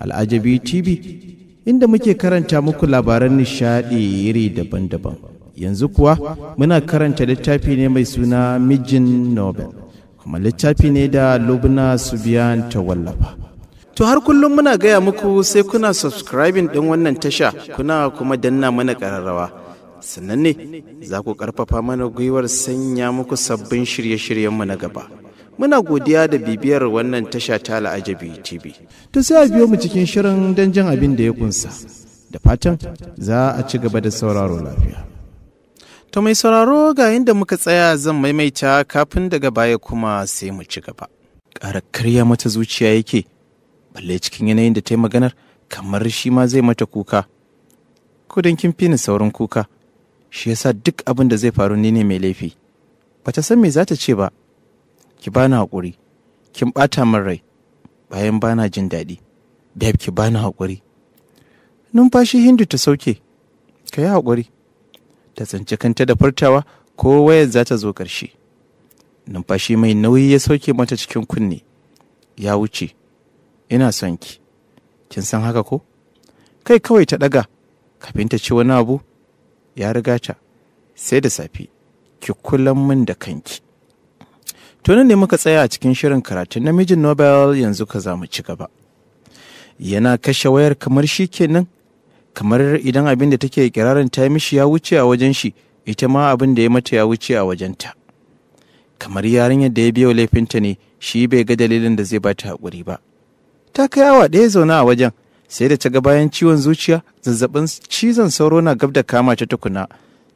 Al'ajabi TV inda muke karanta muku labaran nishaɗi iri daban-daban. Yanzu kuwa muna karanta littafi ne mai suna Mijin Nobel, kuma littafi ne da Lubna Subiyan ta wallafa. To har kullum muna gaya muku sai kuna subscribing ɗin wannan tasha kuna kuma danna mana ƙararrawa. Sannan ne za ku ƙarfafa mana gwiwar sanya muku sabbin shirye-shiryenmu na gaba. muna godiya da bibiyar wannan tasha ta la'ajabi tv to sai a biyo mu cikin shirin don jin abin da ya kunsa da fatan za a ci gaba da sauraro lafiya to mai sauraro ga inda muka tsaya zan maimaita kafin daga baya kuma sai mu ci gaba ƙara karya mata zuciya yake balle cikin yanayin da ta yi maganar kamar shi ma zai mata kuka ko don kin fi ni saurin kuka shi yasa duk abin da zai faru ni ne mai laifi bata san me za ta ce ba ki bani hakuri. kin ɓata min rai bayan bana jin daɗi babe ki bani hakuri. numfashi hindu ta sauke ka yi haƙuri ta tsinci kanta da furtawa ko wayar za ta zo ƙarshe numfashi mai nauyi ya sauke mata cikin kunne ya wuce ina son ki kin san haka ko kai kawai ta ɗaga kafin ta ci wani abu ya rigata. sai da safe. ki kulan min da kanki tunan ne muka tsaya a cikin shirin karatun namijin nobel yanzu ka za mu ci gaba yana kashe wayar kamar shi kenan kamar idan abin da take kirarin ta yi mishi ya wuce a wajen shi ita ma abin da ya mata ya wuce a wajen ta kamar yarinyar da ya biyo laifinta ne shi bai ga dalilin da zai bata hakuri ba ta kai awa ɗaya zaune a wajen sai da ta ga bayan ciwon zuciya zazzabin cizon sauro na gab da kama ta tukuna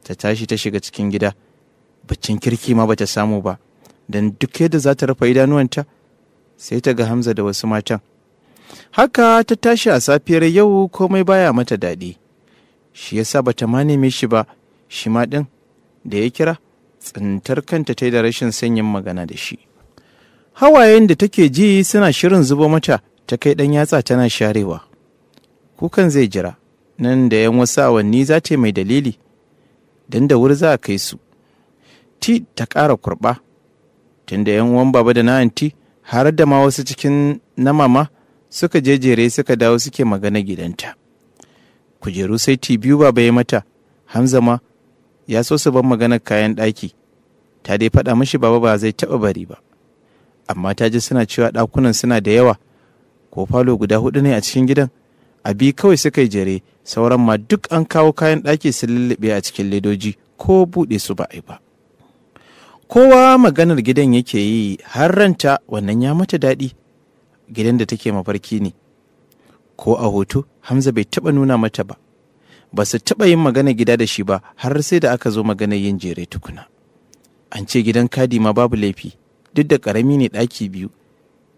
ta tashi ta shiga cikin gida baccin kirki ma bata samu ba Dan duk yadda za ta rufe idanuwanta sai ta ga hamza da wasu matan haka ta tashi a safiyar yau komai baya mata daɗi shi ya sa ta ma neme shi ba shi ma ɗin da ya kira tsintar kanta ta da rashin sanyin magana da shi hawayen da take ji suna shirin zubo mata ta kai ɗan yatsa tana sharewa kukan zai jira nan da yan wasu awanni za ta yi mai dalili don da wuri za a kai su ti ta ƙara kurɓa tunda yan uwan baba da na anti har da ma wasu cikin na mama suka jejere suka dawo suke magana gidanta kujeru sai ti biyu baba ya mata hamza ma ya so su ban maganar kayan ɗaki ta dai faɗa mishi baba ba zai taɓa bari ba amma ta ji suna cewa ɗakunan suna da yawa ko falo guda hudu ne a cikin gidan a biyu kawai suka yi jere sauran ma duk an kawo kayan ɗaki su lullube a cikin ledoji ko buɗe su ba a yi ba kowa maganar gidan yake yi har ranta wannan ya mata daɗi gidan da take mafarki ne ko a hoto hamza bai taɓa nuna mata ba ba su taɓa yin magana gida da shi ba har sai da aka zo magana yin jere tukuna an ce gidan kadi ma babu laifi duk da ƙarami ne ɗaki biyu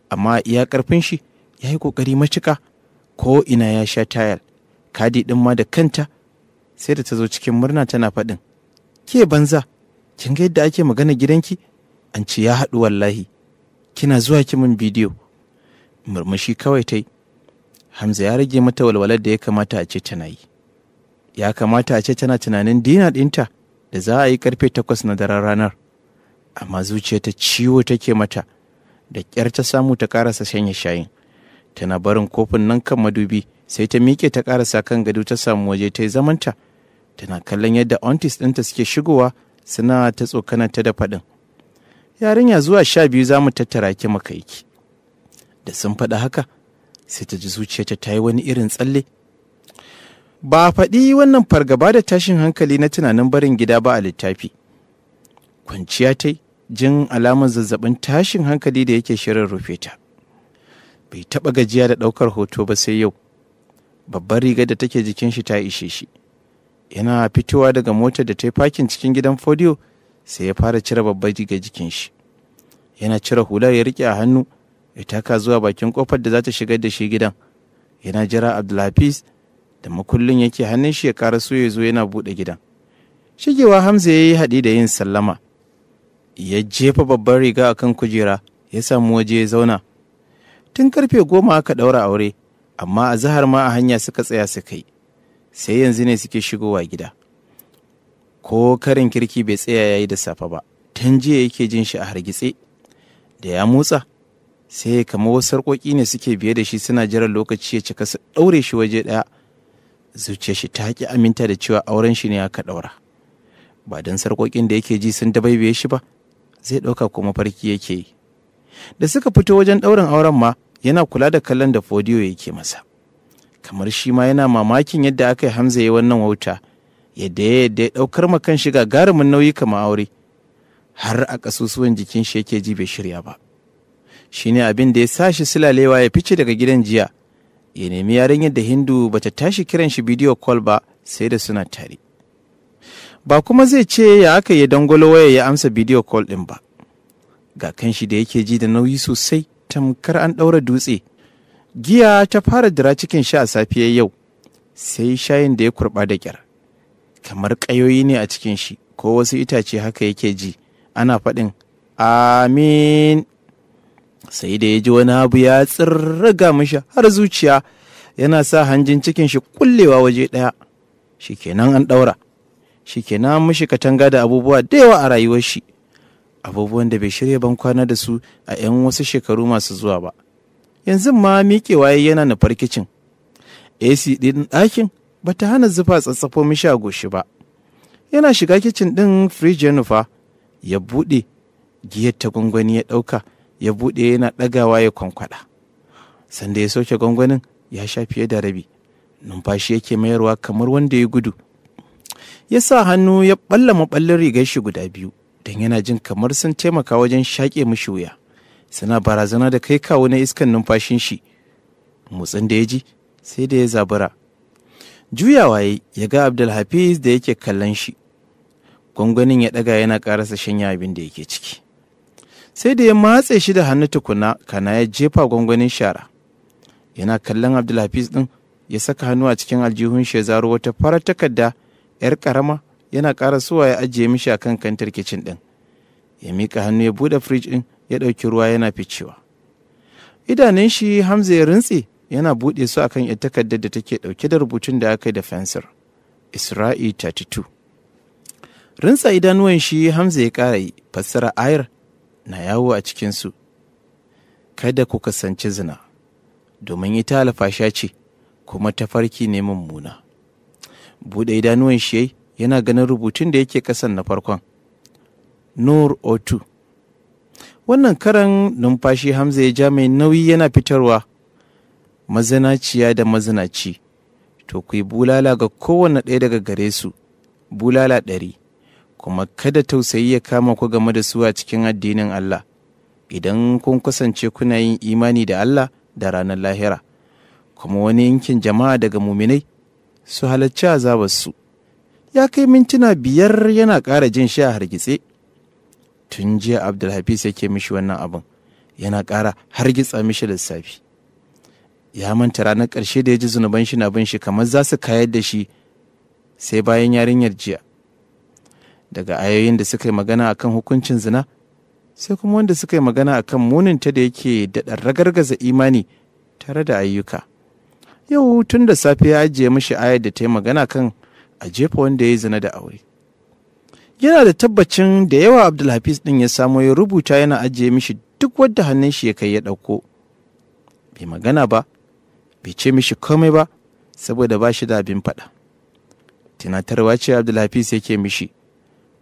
amma iya ƙarfin shi ya yi ƙoƙari macika ko ina ya sha tayal kadi ɗin ma da kanta sai da ta zo cikin murna tana faɗin ke banza kin ga yadda ake magana gidanki an ce ya haɗu wallahi kina zuwa ki min bidiyo murmushi kawai tai hamza ya rage mata walwalar da ya kamata a ce tana yi ya kamata a ce tana tunanin dina ɗinta da za a yi karfe takwas na daren ranar amma zuciya ta ciwo take mata da ƙyar ta samu ta ƙarasa shanye shayin tana barin kofin nan kan madubi sai ta miƙe ta ƙarasa kan gado ta samu waje ta yi zamanta tana kallon yadda ontis ɗinta suke shigowa suna ta tsokana ta da faɗin yarinya zuwa sha biyu za mu tattara ki makaiki da sun faɗa haka sai ta ji zuciyarta ta yi wani irin tsalle ba a faɗi wannan fargaba da tashin hankali na tunanin barin gida ba a littafi kwanciya ta jin alamar zazzabin tashin hankali da yake shirin rufe ta bai taɓa gajiya da ɗaukar hoto ba sai yau babbar rigar da take jikin shi ta ishe shi yana fitowa daga motar da ta yi fakin cikin gidan fodiyo sai ya fara cire babbar diga jikin shi yana cire hular ya rike a hannu ya taka zuwa bakin kofar da za ta shigar da shi gidan yana jira abdulhafiz da makullin yake hannun shi ya kara so ya zo yana buɗe gidan shigewa hamza ya yi haɗi da yin sallama ya jefa babban riga a kan kujera ya samu waje ya zauna tun karfe goma aka ɗaura aure amma a zahar ma a hanya suka tsaya su yi sai yanzu ne suke shigowa gida ko karin kirki bai tsaya yayi da safe ba tun jiya yake jin shi a hargitse da ya motsa sai kamar wasu sarƙoƙi ne suke biye da shi suna jiran lokaci ya cika su ɗaure shi waje ɗaya zuciyar shi ta ƙi aminta da cewa auren shi ne aka ɗaura ba don sarƙoƙin da yake ji sun dabaibaye shi ba zai ɗauka kuma farki yake yi da suka fito wajen ɗaurin auren ma yana kula da kallon da fodiyo yake masa kamar shi ma yana mamakin yadda aka yi hamza ya wannan wauta yadda ya yadda ya ɗaukar makan shi gagarumin nauyi kamar aure har a ƙasusuwan jikin shi yake ji bai shirya ba shi ne abin da ya sa shi silalewa ya fice daga gidan jiya ya nemi yaren yadda hindu ba ta tashi kiran shi bidiyo kol ba sai da suna tare ba kuma zai ce ya aka yi dangwalo waya ya amsa bidiyo kol ɗin ba ga kan shi da yake ji da nauyi sosai tamkar an ɗaura dutse giya ta fara dira cikin sha a safiya yau sai shayin da ya kurba da kyar kamar ƙayoyi ne a cikin shi ko wasu itace haka yake ji ana faɗin amin sai da ya ji wani abu ya tsirraga mishi har zuciya yana sa hanjin cikin shi kullewa waje ɗaya shikenan an ɗaura shikenan mishi katanga da abubuwa da yawa a rayuwar shi abubuwan da bai shirya ban kwana da su a 'yan wasu shekaru masu zuwa ba yanzu ma miƙewa ya yana nufar kicin ac ɗin ɗakin ba ta hana zufa tsatsafo mishi a goshi ba yana shiga kicin ɗin firij ya nufa ya buɗe giyar ta gwangwani ya ɗauka ya buɗe yana ɗagawa ya kwankwaɗa sanda ya sauke gwangwanin ya sha fiye da rabi numfashi yake mayarwa kamar wanda ya gudu ya sa hannu ya ɓalla maɓallin rigar shi guda biyu don yana jin kamar sun taimaka wajen shaƙe mishi wuya suna barazana da kai kawo na iskan numfashin shi motsin da ya ji sai da ya zabura juyawa ya ya ga abdulhafiz da yake kallon shi gwangwanin ya ɗaga yana karasa shanya abin da yake ciki sai da ya matse shi da hannu tukuna kana ya jefa gwangwanin shara yana kallon abdulhafiz ɗin ya saka hannu a cikin aljihun zaro wata farar takarda 'yar karama yana ƙara ya ajiye mishi a kan kantar kicin ɗin ya mika hannu ya buɗe firij ɗin ya ɗauki ruwa yana ficewa idanun shi hamza ya rintse yana buɗe su akan kan takardar da take ɗauke da rubutun da aka yi da fensir isra'i 32 rinsa idanuwan shi hamza ya ƙara yi fassara ayar na yawo a cikinsu kada ku kasance zina domin ita alfasha ce kuma tafarki ne mummuna buɗe idanuwan shi yana ganin rubutun da yake ƙasan na farkon nur o2 wannan karan numfashi hamza ya ja mai nauyi yana fitarwa mazinaciya da mazinaci to ku yi bulala ga kowane ɗaya daga gare su bulala ɗari kuma kada tausayi ya kama ku game da su a cikin addinin Allah idan kun kusance kuna yin imani da Allah da ranar lahira kuma wani yankin jama'a daga muminai su halarci azabarsu ya kai mintuna biyar yana ƙara jin shi a hargitse tun jiya abdulhafiz yake mishi wannan abin yana ƙara gitsa mishi lissafi ya manta ranar ƙarshe da ya ji zunuban shi na bin shi kamar za su kayar da shi sai bayan yarinyar jiya daga ayoyin da suka yi magana akan hukuncin zina sai kuma wanda suka yi magana akan muninta da yake daɗa ragargaza imani tare da ayyuka yau tun da safe ya ajiye mishi ayar da ta yi magana kan a jefa wanda ya yi zina da aure yana da tabbacin da yawa abdulhafiz din ya samo ya rubuta yana ajiye mishi duk wadda hannun shi ya kai ya ɗauko bai magana ba bai ce mishi komai ba saboda ba shi da abin faɗa tunatarwa ce abdulhafiz yake mishi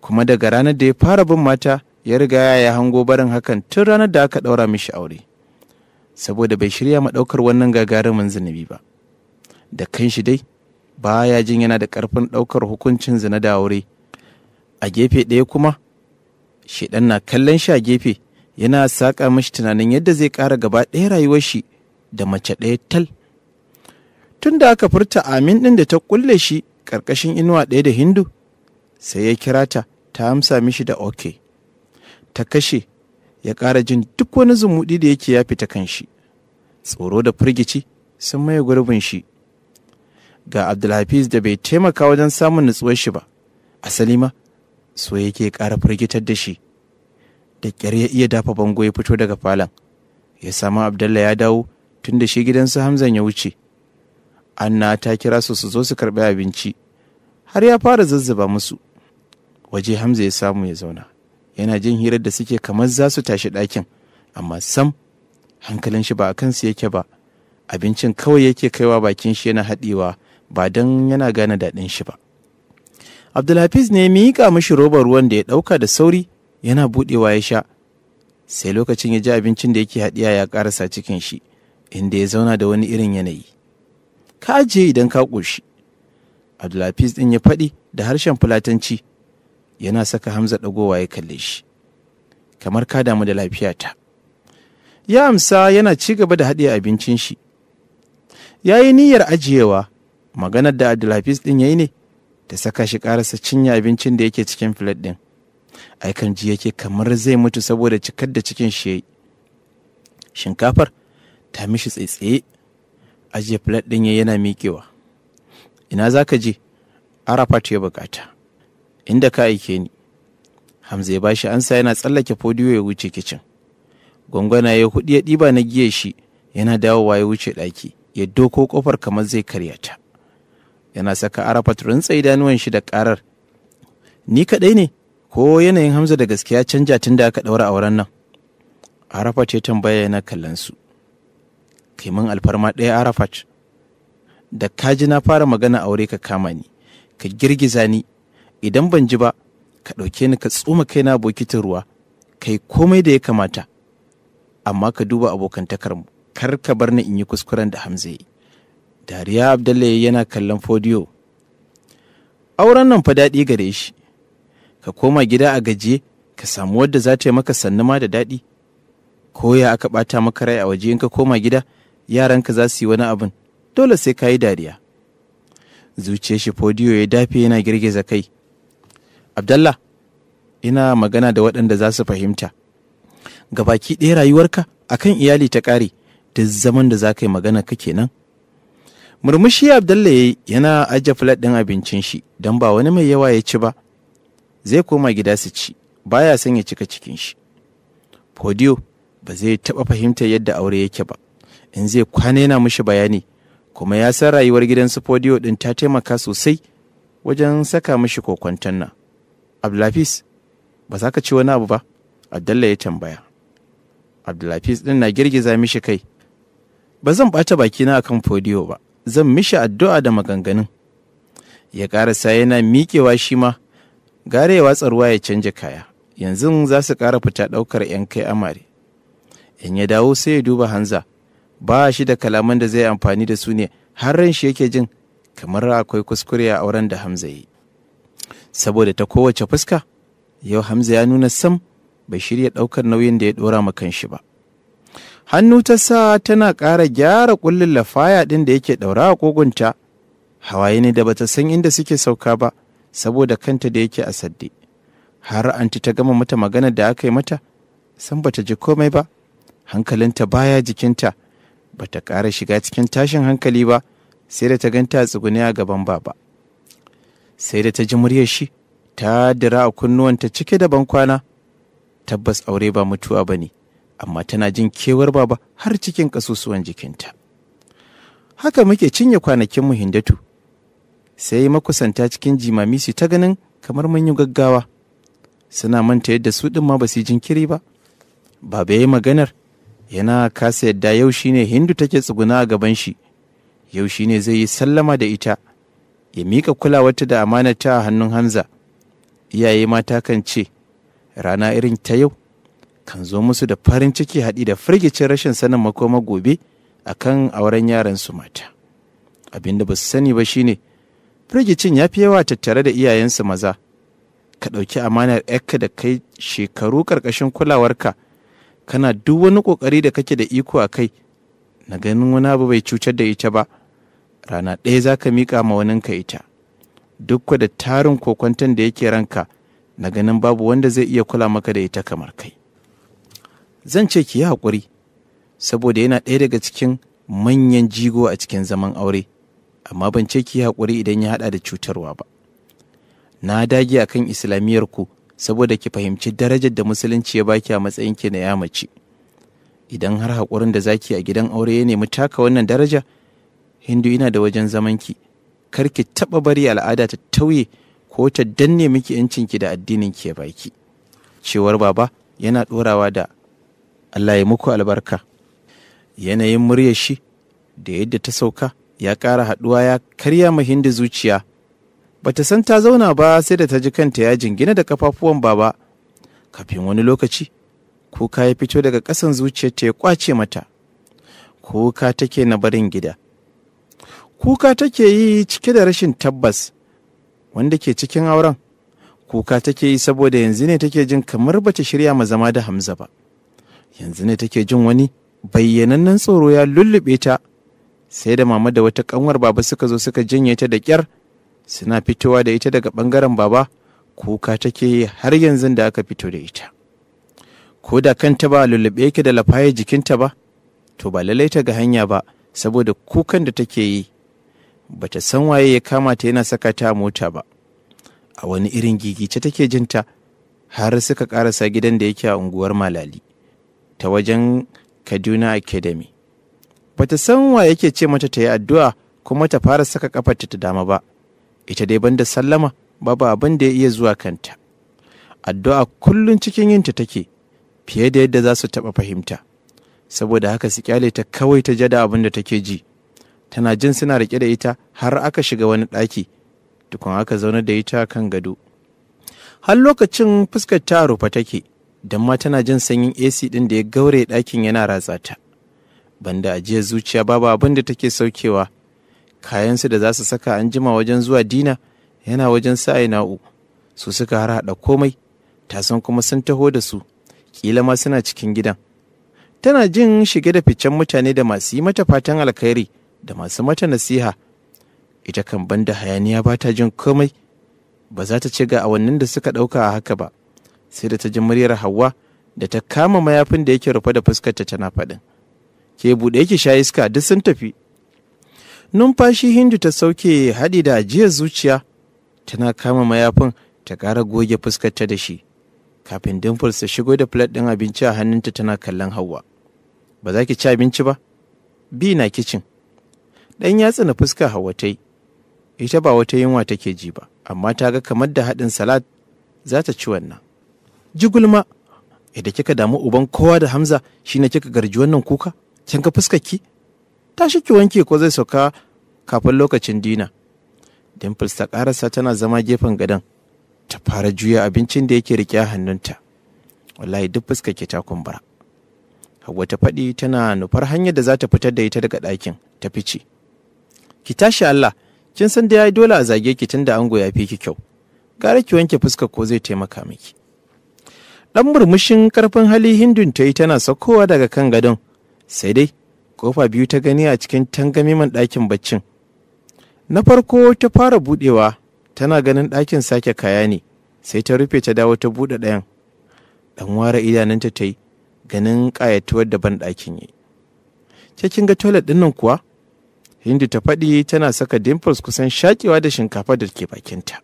kuma daga ranar da ya fara bin mata ya riga ya hango barin hakan tun ranar da aka ɗaura mishi aure saboda bai shirya ma ɗaukar wannan gagarumin zunubi ba da kanshi dai baya jin yana da ƙarfin ɗaukar hukuncin zina da aure a gefe ɗaya kuma shaidan na kallon shi a gefe yana saƙa mashi tunanin yadda zai ƙara gaba ɗaya rayuwar shi da mace ɗaya tal tun da aka furta amin ɗin da ta ƙulle shi ƙarƙashin inuwa ɗaya da hindu sai ya kira ta ta amsa mishi da ok ta kashe ya ƙara jin duk wani zumuɗi da yake ya fita kan shi tsoro da firgici sun maye gurbin shi ga abdulhafiz da bai taimaka wajen samun nutsuwar shi ba asali ma so yake ƙara firgitar da shi da ƙyar ya iya dafa bango ya fito daga falon ya samu abdalla ya dawo tun da shi gidansu hamzan ya wuce anna ta kira su su zo su karɓi abinci har ya fara zazzaba musu waje hamza ya samu ya zauna yana jin hirar da suke kamar za su tashi ɗakin amma sam hankalin shi ba a kansu yake ba abincin kawai yake kaiwa bakin shi yana haɗewa ba don yana gane daɗin shi ba Abdulhafiz ne ya miƙa mishi robar ruwan da ya ɗauka da sauri yana buɗewa ya sha. Sai lokacin ya ji abincin da yake haɗiya ya ƙarasa cikin shi, inda ya zauna da wani irin yanayi. Ka ajiye idan ka ƙoshi. Abdulhafiz ɗin ya faɗi da harshen Fulatanci yana saka Hamza ɗagowa ya kalle shi. Kamar ka damu da lafiyata. Ya amsa yana ci gaba da haɗiya abincin shi. Ya yi niyyar ajiyewa, maganar da Abdulhafiz ɗin ya yi ne, ta saka shi karasa cinye abincin da yake cikin filet ɗin aikan ji yake kamar zai mutu saboda cikar da cikin shi shinkafar ta mishi tsaitsaye ajiye filet ɗin yana miƙewa ina za ka je arafat ya bukata inda ka aike ni hamza ya bashi ansa yana tsallake fodiyo ya wuce kicin gwangwana ya hudu ya ɗiba na giya shi yana dawowa ya wuce ɗaki ya doko kofar kamar zai karya ta yana saka arafat rintsa idanuwan shi da karar ni kadai ne ko yanayin hamza da gaskiya canja tun da aka ɗaura auren nan arafat ya tambaya yana kallon su kaimin alfarma ɗaya arafat da ka ji na fara magana aure ka kama ni ka girgiza ni idan ban ji ba ka ɗauke ni ka tsoma kaina bokitin ruwa kai komai da ya kamata amma ka duba mu kar ka bar ni in yi kuskuren da hamza yi dariya abdullahi yana kallon fodiyo auren nan fa daɗi gare shi ka koma gida a gajiye ka samu wadda za ta yi maka sannu ma da daɗi ko ya aka ɓata maka rai a waje in ka koma gida yaranka za su yi wani abin dole sai ka yi dariya zuciyar shi fodiyo ya dafe yana girgiza kai abdallah ina magana da waɗanda za su fahimta gabaki ɗaya rayuwarka akan iyali ta ƙare duk zaman da za ka yi magana ka kenan nan murmushi abdalla ya yana ajiye flat ɗin abincin shi don ba wani mai yawa ya ci ba zai koma gida su ci baya son ya cika cikin shi podio ba zai taɓa fahimtar yadda aure yake ba in zai kwana yana mushi bayani kuma ya san rayuwar gidan su podio ɗin ta taimaka sosai wajen saka mishi kokwanton nan abdulafis ba za ka ci wani abu ba abdalla ya tambaya abdulafis ɗin na girgiza mishi kai ba zan bata bakina akan podio ba zan mishi addu'a da maganganun ya ƙarasa yana miƙewa shi ma gare ya watsa ya canja kaya yanzu za su ƙara fita ɗaukar 'yan kai amare in ya dawo sai ya duba hanza ba shi da kalaman da zai amfani da su ne har ran shi yake jin kamar akwai kuskure a auren da hamza yi saboda ta kowace fuska yau hamza ya nuna sam bai shirya ɗaukar nauyin da ya ɗora ma kan shi ba hannu ta sa tana ƙara gyara ƙullin lafaya ɗin da yake ɗaura a ƙugunta hawaye ne da bata san inda suke sauka ba saboda kanta da yake a sadde har anti ta gama mata magana da aka yi mata san bata ji komai ba hankalinta baya jikinta bata ƙara shiga cikin tashin hankali ba sai da ta ganta a tsugune a gaban baba sai da ta ji muryar shi ta dira a kunnuwanta cike da bankwana tabbas aure ba mutuwa ba ne amma tana jin kewar baba har cikin ƙasusuwan jikinta. Haka muke cinye kwanakin mu Hindatu, sai makusanta cikin jimami su ta ganin kamar mun yi gaggawa, suna manta yadda su ɗin ma ba su jinkiri ba. Baba ya maganar, yana kasa yadda yau shi ne Hindu take tsuguna a gaban shi, yau shi ne zai yi sallama da ita, ya miƙa kulawarta da amanata a hannun Hamza. Iyaye mata kan ce, rana irin ta yau kan zo musu da farin ciki haɗi da firgicin rashin sanin makoma gobe a kan auren yaran su mata abin da ba su sani ba shine firgicin ya fi yawa tattare da iyayensu maza ka ɗauki amanar yakka da kai shekaru ƙarƙashin kulawarka kana duk wani ƙoƙari da kake da iko a kai na ganin wani abu bai cutar da ita ba rana ɗaya za ka miƙa ma ka ita duk da tarin kokwanton da yake ranka na ganin babu wanda zai iya kula maka da ita kamar kai zan ce ki yi haƙuri saboda yana ɗaya daga cikin manyan jigo a cikin zaman aure amma ban ce ki yi haƙuri idan ya haɗa da cutarwa ba na dage akan islamiyyar ku saboda ki fahimci darajar da musulunci ya baki a matsayin ki na yamace idan har haƙurin da zaki a gidan aure ya nemi taka wannan daraja hindu ina da wajen zaman ki kar ki taɓa bari al'ada ta tauye ko ta danne miki 'yancinki da addinin ki ya baki cewar baba yana ɗorawa da Allah ya muku albarka yanayin muryar shi da yadda ta sauka ya ƙara haɗuwa ya karya mahinda zuciya bata san ta zauna ba sai da ta ji kanta ya jingina da kafafuwan baba kafin wani lokaci kuka ya fito daga ƙasan ta ya kwace mata kuka take na barin gida kuka take yi cike da rashin tabbas wanda ke cikin auren kuka take yi saboda yanzu ne take jin kamar bata shirya ma zama da hamza ba yanzu ne take jin wani bayyanannen tsoro ya lullube ta sai da mama da wata kanwar baba suka zo suka janye ta da kyar suna fitowa da ita daga bangaren baba kuka take har yanzu da aka fito da ita ko da kanta ba lullube yake da lafaye jikinta ba to ba lalai ta ga hanya ba saboda kukan da take yi bata san waye ya kama ta yana saka ta mota ba a wani irin gigice take jinta har suka karasa gidan da yake a unguwar malali ta wajen Kaduna Academy. Bata san wa yake ce mata ta yi addu'a kuma ta fara saka kafarta ta dama ba, ita dai banda sallama babu abin da ya iya zuwa kanta. Addu'a kullum cikin yinta take fiye da yadda za su taɓa fahimta, saboda haka su kyale ta kawai ta jada abin da take ji. Tana jin suna rike da ita har aka shiga wani ɗaki, tukun aka zaune da ita kan gado. Har lokacin fuskar ta rufe take. don ma tana jin sanyin AC ɗin da ya gaure ɗakin yana ratsa ta. Banda ajiyar zuciya babu abin da take saukewa, kayansu da za su saka an jima wajen zuwa dina yana wajen sa na'u, su suka har haɗa komai, ta san kuma sun taho da su, ƙila ma suna cikin gidan. Tana jin shige da ficen mutane da masu yi mata fatan alkhairi da masu mata nasiha. Ita kan banda hayaniya ba ta jin komai, ba za ta ce ga awannin da suka ɗauka a haka ba. sai da ta ji muryar hawa da ta kama mayafin da yake rufe da fuskarta tana faɗin ke buɗe yake sha iska duk sun tafi numfashi hindu ta sauke haɗi da ajiyar zuciya tana kama mayafin ta ƙara goge fuskarta da shi kafin dimples ta shigo da plate ɗin abinci a hannunta tana kallon hawa ba za ki ci abinci ba bi na kicin ɗan yatsa na fuska hawa ta yi ita ba wata yunwa take ji ba amma ta ga kamar da haɗin salad za ta ci wannan jigulma idan kika damu uban kowa da hamza shine kika garji wannan kuka kin ga fuskar ki shi ki wanke ko zai sauka kafin lokacin dina dimples ta karasa tana zama gefen gadon ta fara juya abincin da yake rike a hannunta wallahi duk fuskar ki ta kumbura Hauwa ta faɗi tana nufar hanyar da za ta fitar da ita daga ɗakin ta fice. Ki tashi Allah, kin san da yayi dole a zage ki tunda ango ya fi ki kyau. Gara ki wanke fuskar ko zai taimaka miki. ɗan murmushin karfin hali hindun ta yi tana saukowa daga kan gadon sai dai kofa biyu ta gani a cikin tangamiman ɗakin baccin na farko ta fara buɗewa tana ganin ɗakin sake kaya ne sai ta rufe ta dawo ta buɗe ɗayan ɗan ware idanunta ta yi ganin ƙayatuwar da ban ɗakin yi cikin ga toilet ɗin nan kuwa hindu ta faɗi tana saka dimples kusan shaƙewa da shinkafa da ke bakinta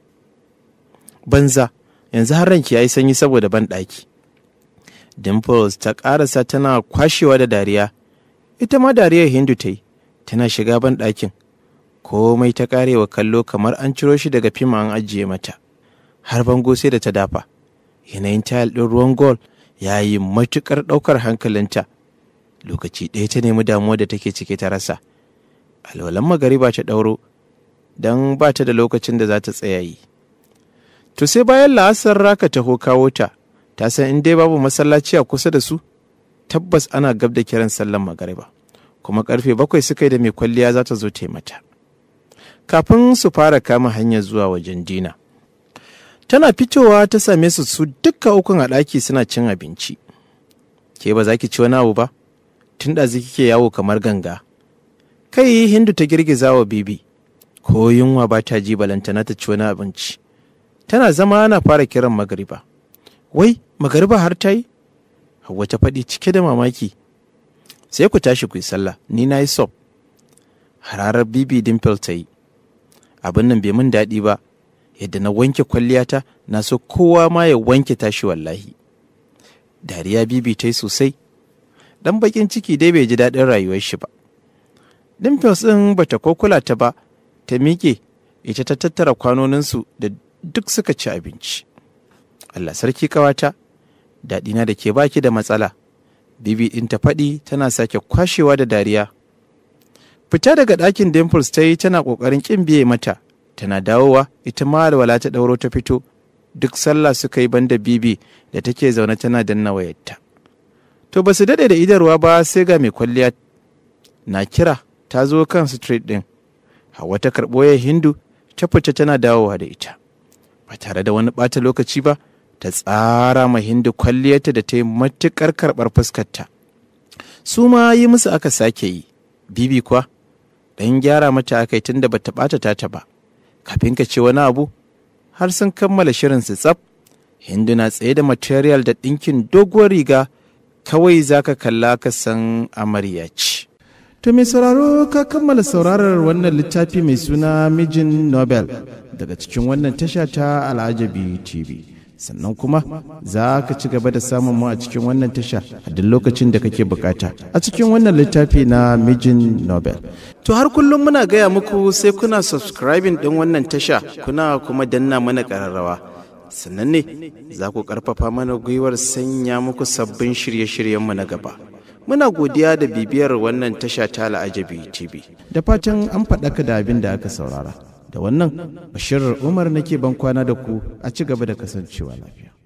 banza yanzu har ranki ya yi sanyi saboda ban ɗaki dimples ta ƙarasa tana kwashewa da dariya ita ma dariyar hindu ta yi tana shiga ban ɗakin komai ta karewa kallo kamar an ciro shi daga fim an ajiye mata har bango sai da ta dafa yanayin tayal ɗin ruwan gol ya yi matuƙar ɗaukar hankalinta lokaci ɗaya ta nemi damuwa da take cike ta rasa alwalan ba ta ɗauro don ba ta da lokacin da za ta tsaya yi to sai bayan la'asar raka taho kawo ta ta san in dai babu masallaci a kusa da su tabbas ana gab da kiran sallan magariba kuma karfe bakwai suka yi da mai kwalliya za ta zo taimata kafin su fara kama hanyar zuwa wajen dina tana fitowa ta same su su duka ukun a ɗaki suna cin abinci ke ba za ki ci wani abu ba tun da kike yawo kamar ganga kai hindu ta girgiza wa bibi ko yunwa ba ta ji balantana ta ci wani abinci tana zama ana fara kiran magariba wai magariba har ta yi hawa ta faɗi cike da mamaki sai ku tashi ku yi sallah ni na yi sop hararar bibi dimple ta yi abin nan bai mun daɗi ba yadda na wanke kwalliyata na so kowa ma ya wanke tashi wallahi dariya bibi ta yi sosai Ɗan baƙin ciki dai bai ji daɗin rayuwar shi ba dimples ɗin bata kokula ta ba ta miƙe ita ta tattara kwanoninsu da duk suka ci abinci allah sarki kawata daɗina da ke baki da matsala bibi ɗin ta faɗi tana sake kwashewa da dariya fita daga ɗakin dimples ta yi tana ƙoƙarin ƙin biye mata tana dawowa ita ma alwala ta ɗauro ta fito duk sallah suka yi banda bibi da take zaune tana danna wayarta to ba su daɗe da idarwa ba sai ga mai kwalliya na kira ta zo kan street ɗin hawa ta karɓo ya hindu ta fita tana dawowa da ita ba tare da wani ɓata lokaci ba ta tsara ma hindu kwalliyarta da ta yi matuƙar karɓar fuskarta su ma yi musu aka sake yi bibi kuwa ɗan gyara mata aka yi tunda bata ɓata tata ba kafin ka ce wani abu har sun kammala shirin su tsaf hindu na tsaye da material da ɗinkin doguwar riga kawai zaka kalla ka san amarya ce To mai sauraro ka kammala saurarar wannan littafi mai suna mijin Nobel daga cikin wannan tasha ta Al'ajabi TV. Sannan kuma za ka ci gaba da samun mu a cikin wannan tasha a duk lokacin da kake bukata a cikin wannan littafi na mijin Nobel. To har kullum muna gaya muku sai kuna subscribing ɗin wannan tasha kuna kuma danna mana ƙararrawa. Sannan ne za ku ƙarfafa mana gwiwar sanya muku sabbin shirye-shiryenmu na gaba. muna godiya da bibiyar wannan tasha ta la'ajabi tv da fatan an faɗaka da abin da aka saurara da wannan bashirar umar nake ban kwana da ku a ci gaba da kasancewa lafiya